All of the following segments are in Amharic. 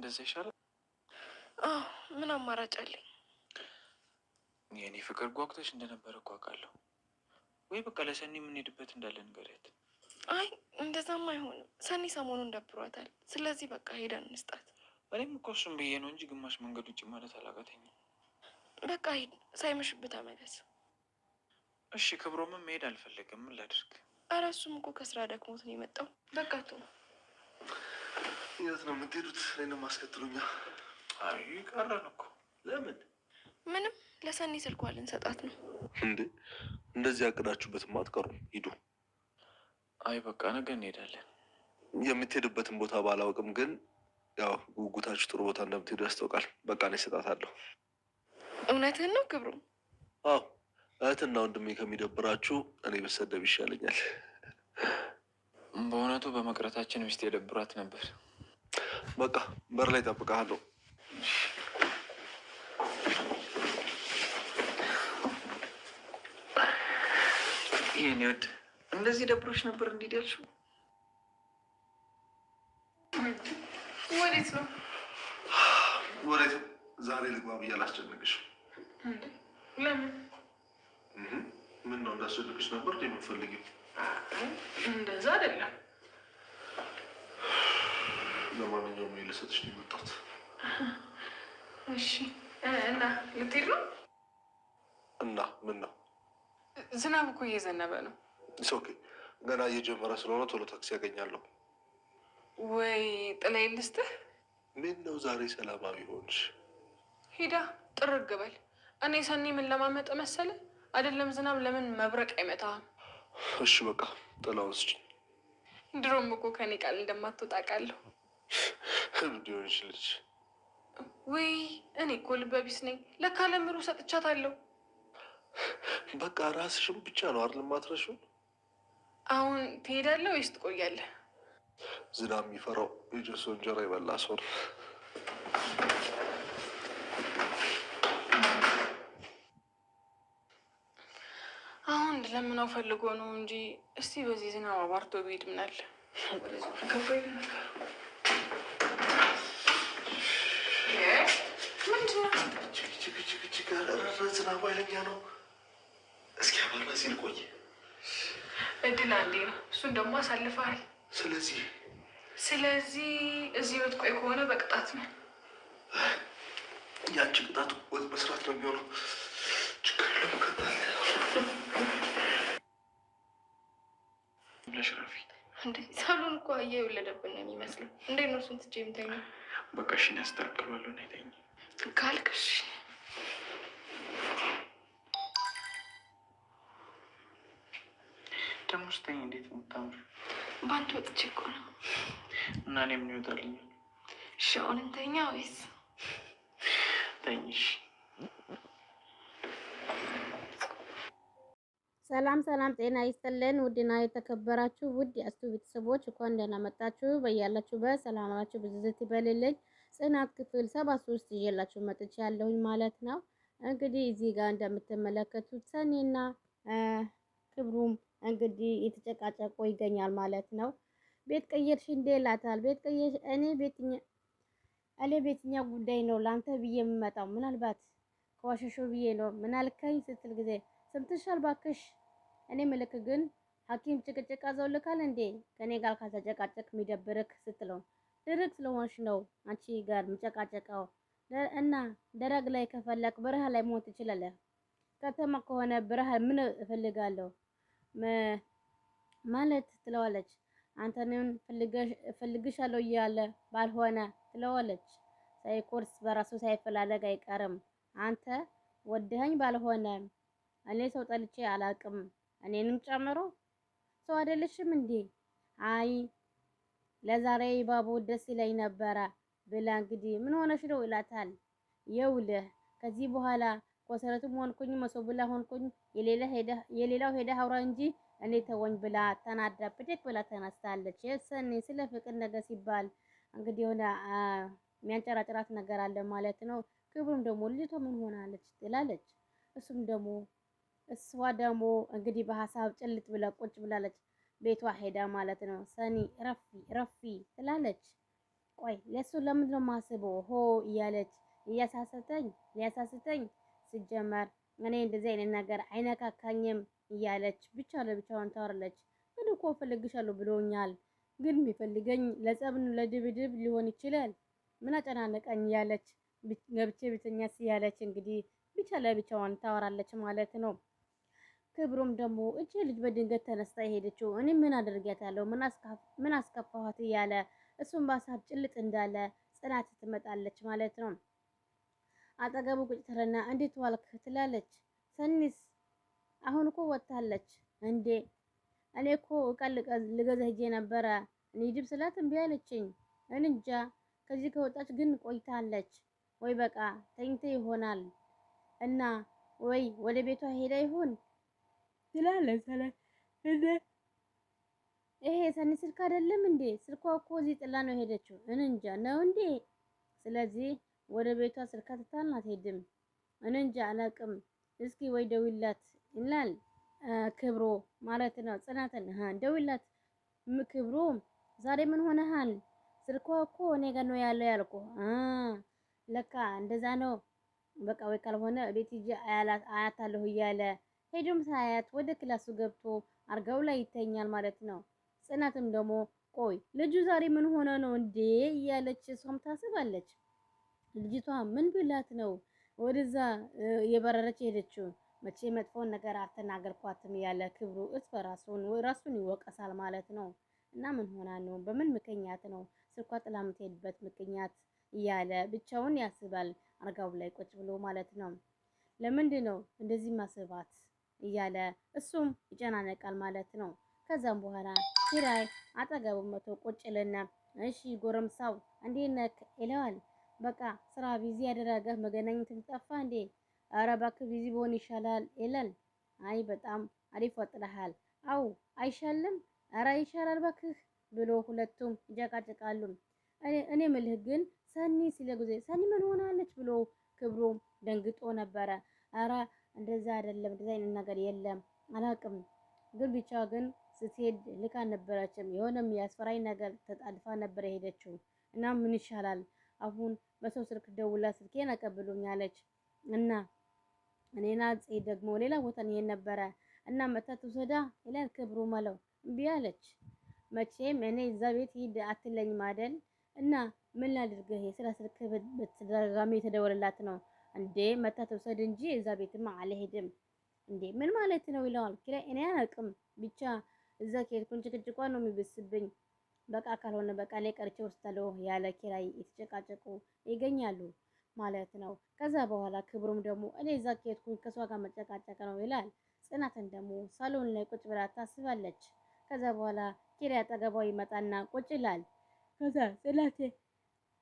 እንደዛ ይሻላል። ምን አማራጭ አለኝ? የእኔ ፍቅር ጓጉተሽ እንደነበረ እኮ አውቃለሁ። ወይ በቃ ለሰኒ የምንሄድበት እንዳለ ንገሪያት። አይ እንደዛም አይሆንም። ሰኒ ሰሞኑን ደብሯታል። ስለዚህ በቃ ሄደን እንስጣት። እኔም እኮ እሱም ብዬ ነው እንጂ ግማሽ መንገድ ውጭ ማለት አላቃተኝም። በቃ ሂድ፣ ሳይመሽብህ ተመለስ። እሺ ክብሮምም መሄድ አልፈለገም። ምን ላድርግ? ኧረ እሱም እኮ ከስራ ደክሞት ነው የመጣው። በቃቱ የት ነው የምትሄዱት? እኔ የማስከትሉኛ። አይ ቀረን እኮ ለምን? ምንም ለሰኒ ስልኳ ልንሰጣት ነው እንዴ? እንደዚህ ያቅዳችሁበትማ አትቀሩም። ሂዱ። አይ በቃ ነገ እንሄዳለን። የምትሄድበትን ቦታ ባላውቅም ግን ያው ጉጉታችሁ ጥሩ ቦታ እንደምትሄዱ ያስታውቃል። በቃ እኔ እሰጣታለሁ። እውነትህን ነው ክብሩ? አዎ እህትና ወንድሜ ከሚደብራችሁ እኔ ብሰደብ ይሻለኛል። በእውነቱ በመቅረታችን ሚስት የደብራት ነበር። በቃ በር ላይ ጠብቃለሁ። ይህን ወድ እንደዚህ ደብሮች ነበር እንዲደርሱ ወዴት ነው ወዴት? ዛሬ ልግባ ብዬ አላስጨንቅሽ። ለምን? ምን ነው እንዳስጨንቅሽ ነበር የምትፈልጊው? እንደዛ አይደለም። ለማንኛውም የለሰጥሽ ነው የመጣሁት። እሺ እና ልትሄድ ነው? እና ምን ነው? ዝናብ እኮ እየዘነበ ነው። ኦኬ ገና እየጀመረ ስለሆነ ቶሎ ታክሲ ያገኛለሁ ወይ? ጥላይ ልስጥህ። ምን ነው ዛሬ ሰላማዊ ሆንሽ? ሂዳ ጥርግ በል። እኔ ሰኒ ምን ለማመጠ መሰለ አይደለም ዝናብ ለምን መብረቅ አይመታህም? እሺ በቃ ጥላውን ስጭኝ። ድሮም እኮ ከኔ ቃል እንደማትወጣ ቃለሁ። እብድ ሆንሽ ልጅ። ውይ እኔ እኮ ልበቢስ ነኝ። ለካ ለምሩ ሰጥቻታለሁ። በቃ ራስሽን ብቻ ነው አይደል የማትረሺው? አሁን ትሄዳለህ ወይስ ትቆያለህ? ዝናብ የሚፈራው የጀሶ እንጀራ ይበላ ሰው ለምነው ፈልጎ ነው እንጂ። እስቲ በዚህ ዝናብ አባርቶ ቢሄድ ምናል ዝናቡ ኃይለኛ ነው። እስኪ አባራ ሲል ቆይ እድል አንዴ ነው። እሱን ደግሞ አሳልፈሃል። ስለዚህ ስለዚህ እዚህ የምትቆይ ከሆነ በቅጣት ነው። ያቺ ቅጣት ወጥ መስራት ነው የሚሆነው። ችግር ለመከታ እንዴ ሳሎን እኮ አየህ የወለደብን ነው የሚመስለው። እንዴ ነው እሱን ትቼ የምተኛው? በቃ እሺ፣ ያስተካክሏለሁ ነው የተኛ ካልክሽ ደግሞ ስተኝ እንዴት የምታምሩ በአንድ ወጥቼ እኮ ነው። እና እኔ ምን ይወጣልኛል? እሺ አሁን እንተኛ ወይስ ተኝሽ? ሰላም ሰላም፣ ጤና ይስጥልን ውድና የተከበራችሁ ውድ የአስቱ ቤተሰቦች እንኳን ደህና መጣችሁ። በያላችሁበት ሰላማችሁ ብዝዝት ይበልልኝ። ጽናት ክፍል ሰባ ሶስት ይዤላችሁ ያለሁኝ ማለት ነው። እንግዲህ እዚህ ጋር እንደምትመለከቱት ሰኔና ክብሩም እንግዲህ የተጨቃጨቆ ይገኛል ማለት ነው። ቤት ቀየርሽ እንዴ ላታል። ቤት ቀየርሽ እኔ ቤትኛ እኔ ቤትኛ ጉዳይ ነው ላንተ ብዬ የምመጣው ምናልባት ከዋሸሾ ብዬ ነው ምናልከኝ ስትል ጊዜ ስምትሻል ባክሽ እኔ ምልክ ግን ሐኪም ጭቅጭቅ አዘውልካል እንዴ ከኔ ጋር ካልተጨቃጨቅ የሚደብርክ ስትለው ድርቅ ስለሆንሽ ነው አንቺ ጋር ምጨቃጨቃው እና ደረቅ ላይ ከፈለክ በረሃ ላይ መሆን ትችላለህ። ከተማ ከሆነ በረሃ ምን እፈልጋለሁ ማለት ትለዋለች። አንተንም ፈልግሻለሁ እያለ ባልሆነ ትለዋለች። ሳይኮርስ በራሱ ሳይፈላለግ አይቀርም። አንተ ወደኸኝ ባልሆነ እኔ ሰው ጠልቼ አላቅም እኔንም ጨምሮ ሰው አይደለሽም እንዴ? አይ ለዛሬ ባቦ ደስ ይለኝ ነበረ ብላ እንግዲህ ምን ሆነሽ ነው ይላታል። የውልህ ከዚህ በኋላ ኮሰረቱም ሆንኩኝ መሶብላ ሆንኩኝ የሌላው ሄደ ሀውራ እንጂ እኔ ተወኝ ብላ ተናዳ ብድግ ብላ ተነስታለች። የሰኔ ስለ ፍቅር ነገር ሲባል እንግዲህ የሆነ የሚያንጨራጭራት ነገር አለ ማለት ነው። ክብሩም ደግሞ ልጅቷ ምን ሆናለች ትላለች። እሱም ደግሞ እሷ ደግሞ እንግዲህ በሀሳብ ጭልጥ ብላ ቁጭ ብላለች። ቤቷ ሄዳ ማለት ነው። ሰኒ ረፊ ረፊ ትላለች። ቆይ ለሱ ለምንድን ነው ማስበው ሆ እያለች እያሳሰተኝ ሊያሳስተኝ ሲጀመር እኔ እንደዚህ አይነት ነገር አይነካካኝም እያለች ብቻ ለብቻዋን ታወራለች። እኔ እኮ ፈልግሻለሁ ብሎኛል፣ ግን የሚፈልገኝ ለጸብን ለድብድብ ሊሆን ይችላል። ምን አጨናነቀኝ እያለች ገብቼ ብተኛስ እያለች እንግዲህ ብቻ ለብቻዋን ታወራለች ማለት ነው። ክብሩም ደግሞ እች ልጅ በድንገት ተነስታ የሄደችው እኔ ምን አደርጋታለሁ ምን አስከፋኋት እያለ እሱም በሀሳብ ጭልጥ እንዳለ ጽናት ትመጣለች ማለት ነው። አጠገቡ ቁጭ ትልና እንዴት ዋልክ ትላለች። ሰኒስ አሁን እኮ ወጥታለች እንዴ እኔ እኮ እቃ ልገዛ ሄጄ ነበረ እንሂድም ስላት እምቢ አለችኝ። እንጃ ከዚህ ከወጣች ግን ቆይታለች ወይ በቃ ተኝተ ይሆናል እና ወይ ወደ ቤቷ ሄዳ ይሆን ትላለች ሰላም እንደ ይሄ የሰኒ ስልክ አይደለም እንዴ? ስልኳ እኮ እዚህ ጥላ ነው የሄደችው። እንንጃ ነው እንዴ? ስለዚህ ወደ ቤቷ ስልካ ትታን አትሄድም። እንንጃ አላቅም። እስኪ ወይ ደውላት ይላል ክብሮ ማለት ነው ጽናትን። ሃ ደውላት ክብሮ፣ ዛሬ ምን ሆነሃል? ስልኳ እኮ እኔ ጋር ነው ያለው ያልኩ። አ ለካ እንደዛ ነው። በቃ ወይ ካልሆነ ቤት ሂጅ አያታለሁ እያለ ሄዶም ሳያት ወደ ክላሱ ገብቶ አርጋው ላይ ይተኛል ማለት ነው። ጽናትም ደግሞ ቆይ ልጁ ዛሬ ምን ሆነ ነው እንዴ እያለች እሷም ታስባለች። ልጅቷ ምን ብላት ነው ወደዛ የበረረች ሄደችው? መቼ መጥፎን ነገር አልተናገርኳትም ያለ ክብሩ እስ በራሱን ራሱን ይወቀሳል ማለት ነው። እና ምን ሆና ነው በምን ምክንያት ነው ስልኳ ጥላ የምትሄድበት ምክንያት እያለ ብቻውን ያስባል አልጋው ላይ ቁጭ ብሎ ማለት ነው። ለምንድን ነው እንደዚህ ማስባት እያለ እሱም ይጨናነቃል ማለት ነው። ከዛም በኋላ ኪራይ አጠገቡ መቶ ቁጭልና እሺ ጎረምሳው እንዴት ነክ ይለዋል። በቃ ስራ ቢዚ ያደረገ መገናኘት ጠፋ እንዴ? ኧረ እባክህ ቢዚ በሆን ይሻላል ይላል። አይ በጣም አሪፍ ወጥለሃል። አው አይሻልም? ኧረ ይሻላል እባክህ ብሎ ሁለቱም ይጨቃጨቃሉ። እኔ ምልህ ግን ሰኒ ሲለ ጊዜ ሰኒ ምን ሆናለች ብሎ ክብሮም ደንግጦ ነበረ። ኧረ እንደዛ አይደለም እንደዛ አይነት ነገር የለም አላውቅም። ግን ብቻ ግን ስትሄድ ልክ አልነበረችም። የሆነም የአስፈራኝ ነገር ተጣልፋ ነበር የሄደችው እና ምን ይሻላል አሁን በሰው ስልክ ደውላ ስልኬን አቀብሉኝ አለች እና እኔና ጽሄ ደግሞ ሌላ ቦታ ይሄን ነበረ እና መታ ትውሰዳ ይላል ክብሩ ማለው እምቢ አለች። መቼም እኔ እዛ ቤት ሂድ አትለኝ ማደል እና ምን ላድርግህ? የስራ ስልክ በተደጋጋሚ የተደወለላት ነው እንዴ መታ ተውሰድ እንጂ እዛ ቤትማ አልሄድም እንዴ ምን ማለት ነው ይለዋል። ኪራይ እኔ አላውቅም ብቻ እዛ ከሄድኩን ጭቅጭቋ ነው የሚብስብኝ። በቃ ካልሆነ በቃ ላይ ቀርቼ ወስዳለሁ ያለ ኪራይ የተጨቃጨቁ ይገኛሉ ማለት ነው። ከዛ በኋላ ክብሩም ደግሞ እኔ እዛ ከሄድኩኝ ከሷ ጋር መጨቃጨቅ ነው ይላል። ጽናትን ደግሞ ሳሎን ላይ ቁጭ ብላ ታስባለች። ከዛ በኋላ ኪራይ አጠገቧ ይመጣና ቁጭ ይላል። ከዛ ጽናቴ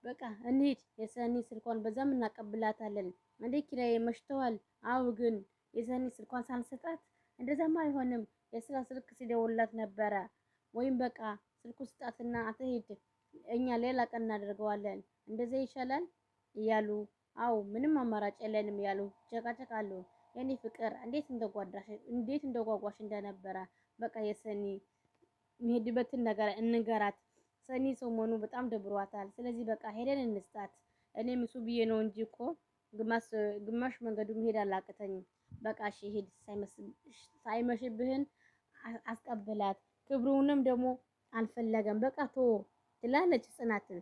በቃ እንሂድ። የሰኒ ስልኳን በዛም እናቀብላታለን። እንዴ ኪራዬ መሽተዋል። አው ግን የሰኒ ስልኳን ሳንሰጣት እንደዛማ አይሆንም። የስራ ስልክ ሲደውላት ነበረ። ወይም በቃ ስልኩ ስጣትና አትሂድ፣ እኛ ሌላ ቀን እናደርገዋለን፣ እንደዛ ይሻላል እያሉ አው ምንም አማራጭ የለንም እያሉ ጨቃጨቃሉ። የኔ ፍቅር እንዴት እንደጓዳሽ እንዴት እንደጓጓሽ እንደነበረ በቃ የሰኒ የሚሄድበትን ነገር እንገራት ሰኒ ሰሞኑ በጣም ደብሯታል። ስለዚህ በቃ ሄደን እንስጣት። እኔም እሱ ብዬ ነው እንጂ እኮ ግማሽ መንገዱ መሄድ አላቅተኝም። በቃ እሺ ሄድ፣ ሳይመሽብህን አስቀብላት። ክብሩንም ደግሞ አልፈለገም። በቃ ቶ ትላለች ጽናትን።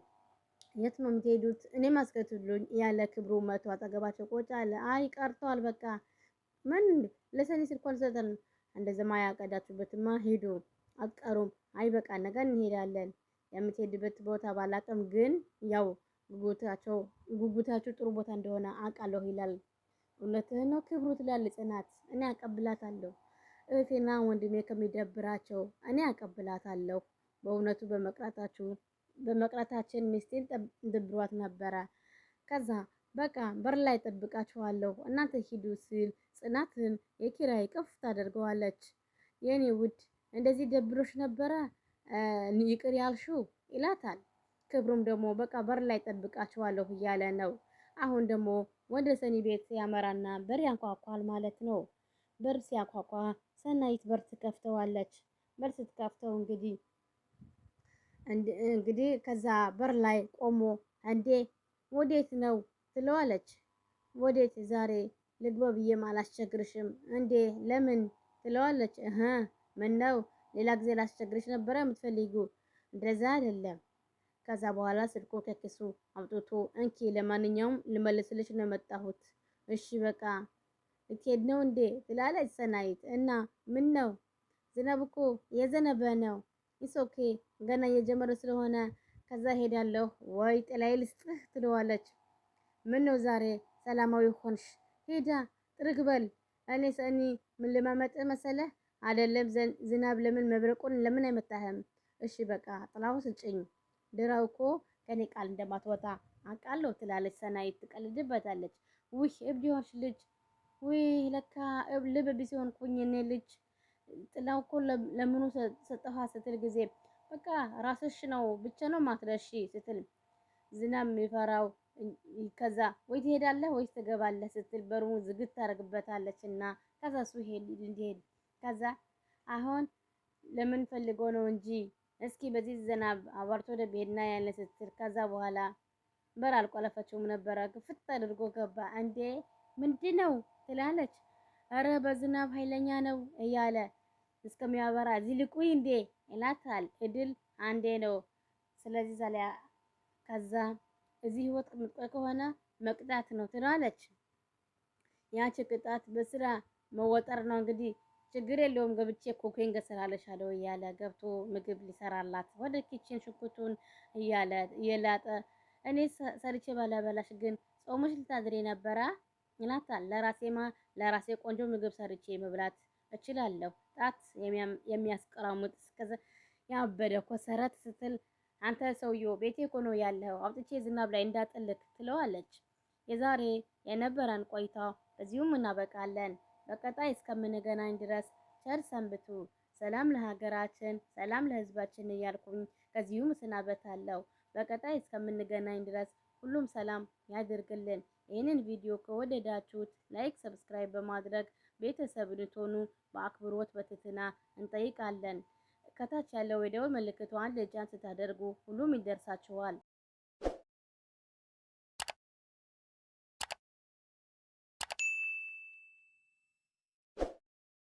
የት ነው የምትሄዱት? እኔም ማስከትሉኝ ያለ ክብሩ መቶ አጠገባቸው ቆጭ አለ። አይ ቀርተዋል። በቃ ምን ለሰኒ ስልኳን ሰጠን። እንደዚያማ ያቀዳችሁበትማ ሄዱ አቀሩም አይ በቃ ነገ እንሄዳለን። የምትሄድበት ቦታ ባላቅም ግን ያው ጉጉታቸው ጉጉታቸው ጥሩ ቦታ እንደሆነ አውቃለሁ ይላል። እውነትህን ነው ክብሩ ትላለች ጽናት። እኔ አቀብላታለሁ እህቴና ወንድሜ ከሚደብራቸው እኔ አቀብላታለሁ። በእውነቱ በመቅረታችሁ በመቅረታችን ሚስቴን ደብሯት ነበረ። ከዛ በቃ በር ላይ ጠብቃችኋለሁ እናንተ ሂዱ ሲል ጽናትን የኪራይ ቅፍ ታደርገዋለች። የኔ ውድ እንደዚህ ደብሮች ነበረ ይቅር ያልሽው ይላታል። ክብሩም ደግሞ በቃ በር ላይ ጠብቃችኋለሁ እያለ ነው። አሁን ደግሞ ወደ ሰኒ ቤት ያመራና በር ያንኳኳል ማለት ነው። በር ሲያኳኳ ሰናይት በር ትከፍተዋለች። በር ስትከፍተው እንግዲህ እንግዲህ ከዛ በር ላይ ቆሞ እንዴ ወዴት ነው ትለዋለች። ወዴት ዛሬ ልግባ ብዬም አላስቸግርሽም እንዴ ለምን ትለዋለች። እህ ምን ነው ሌላ ጊዜ ላስቸግርሽ ነበረ የምትፈልጉ እንደዛ አይደለም። ከዛ በኋላ ስልኮ ከኪሱ አምጥቶ እንኪ፣ ለማንኛውም ልመልስልሽ ነው የመጣሁት። እሺ በቃ ልትሄድ ነው እንዴ ትላለች ሰናይት። እና ምን ነው ዝናብ እኮ የዘነበ ነው። ኦኬ ገና እየጀመረ ስለሆነ ከዛ ሄዳለሁ ወይ ጥላይ ልስጥህ ትለዋለች። ምን ነው ዛሬ ሰላማዊ ሆንሽ? ሄዳ ጥርግበል እኔ ሰኒ ምን ልማመጥ መሰለህ አይደለም ዝናብ ለምን መብረቁን ለምን አይመታህም? እሺ በቃ ጥላው ስጭኝ። ድራው እኮ ከኔ ቃል እንደማትወጣ አውቃለሁ ትላለች ሰናይት ትቀልድበታለች። ውይ እብድ ይሆንሽ ልጅ ውይ ለካ ልብ ቢስ ሆንኩኝ እኔ ልጅ ጥላው እኮ ለምኑ ሰጠፋ ስትል ጊዜ በቃ ራስሽ ነው ብቻ ነው ማትረሺ ስትል ዝናብ የሚፈራው ከዛ ወይ ትሄዳለህ ወይ ትገባለህ ስትል በሩን ዝግት ታደርግበታለች እና ከዛ እሱ ይሄድ እንዲሄድ ከዛ አሁን ለምን ፈልጎ ነው እንጂ እስኪ በዚህ ዝናብ አባርቶ ወደ ቤድና ያለ ስትል ከዛ በኋላ በር አልቆለፈችውም ነበረ። ግፍት አድርጎ ገባ። እንዴ ምንድን ነው ትላለች። እረ በዝናብ ኃይለኛ ነው እያለ እስከሚያበራ ዝልቁይ እንዴ ይላታል። እድል አንዴ ነው። ስለዚህ ዛሊያ ከዛ እዚህ ህይወት ምጥቆይ ከሆነ መቅጣት ነው ትላለች። ያቺ ቅጣት በስራ መወጠር ነው እንግዲህ ችግር የለውም ገብቼ ኩኪንግ ስራልሻለሁ እያለ ገብቶ ምግብ ሊሰራላት ወደ ኪችን ሽኩቱን እያለ የላጠ እኔ ሰርቼ ባላበላሽ ግን ጾሙሽ ልታድሬ ነበረ ይላታል። ለራሴማ ለራሴ ቆንጆ ምግብ ሰርቼ መብላት እችላለሁ። ጣት የሚያስቀራሙጥ እስከዛ ያበደ ኮሰረት ስትል አንተ ሰውዬው ቤቴ እኮ ነው ያለው አውጥቼ ዝናብ ላይ እንዳጥልክ ትለዋለች። የዛሬ የነበረን ቆይታ በዚሁም እናበቃለን። በቀጣይ እስከምንገናኝ ድረስ ቸር ሰንብቱ። ሰላም ለሀገራችን፣ ሰላም ለሕዝባችን እያልኩኝ ከዚሁ እሰናበታለሁ። በቀጣይ እስከምንገናኝ ድረስ ሁሉም ሰላም ያድርግልን። ይህንን ቪዲዮ ከወደዳችሁት ላይክ፣ ሰብስክራይብ በማድረግ ቤተሰብ እንድትሆኑ በአክብሮት በትህትና እንጠይቃለን። ከታች ያለው የደወል ምልክቷን ልጫን ስታደርጉ ሁሉም ይደርሳችኋል።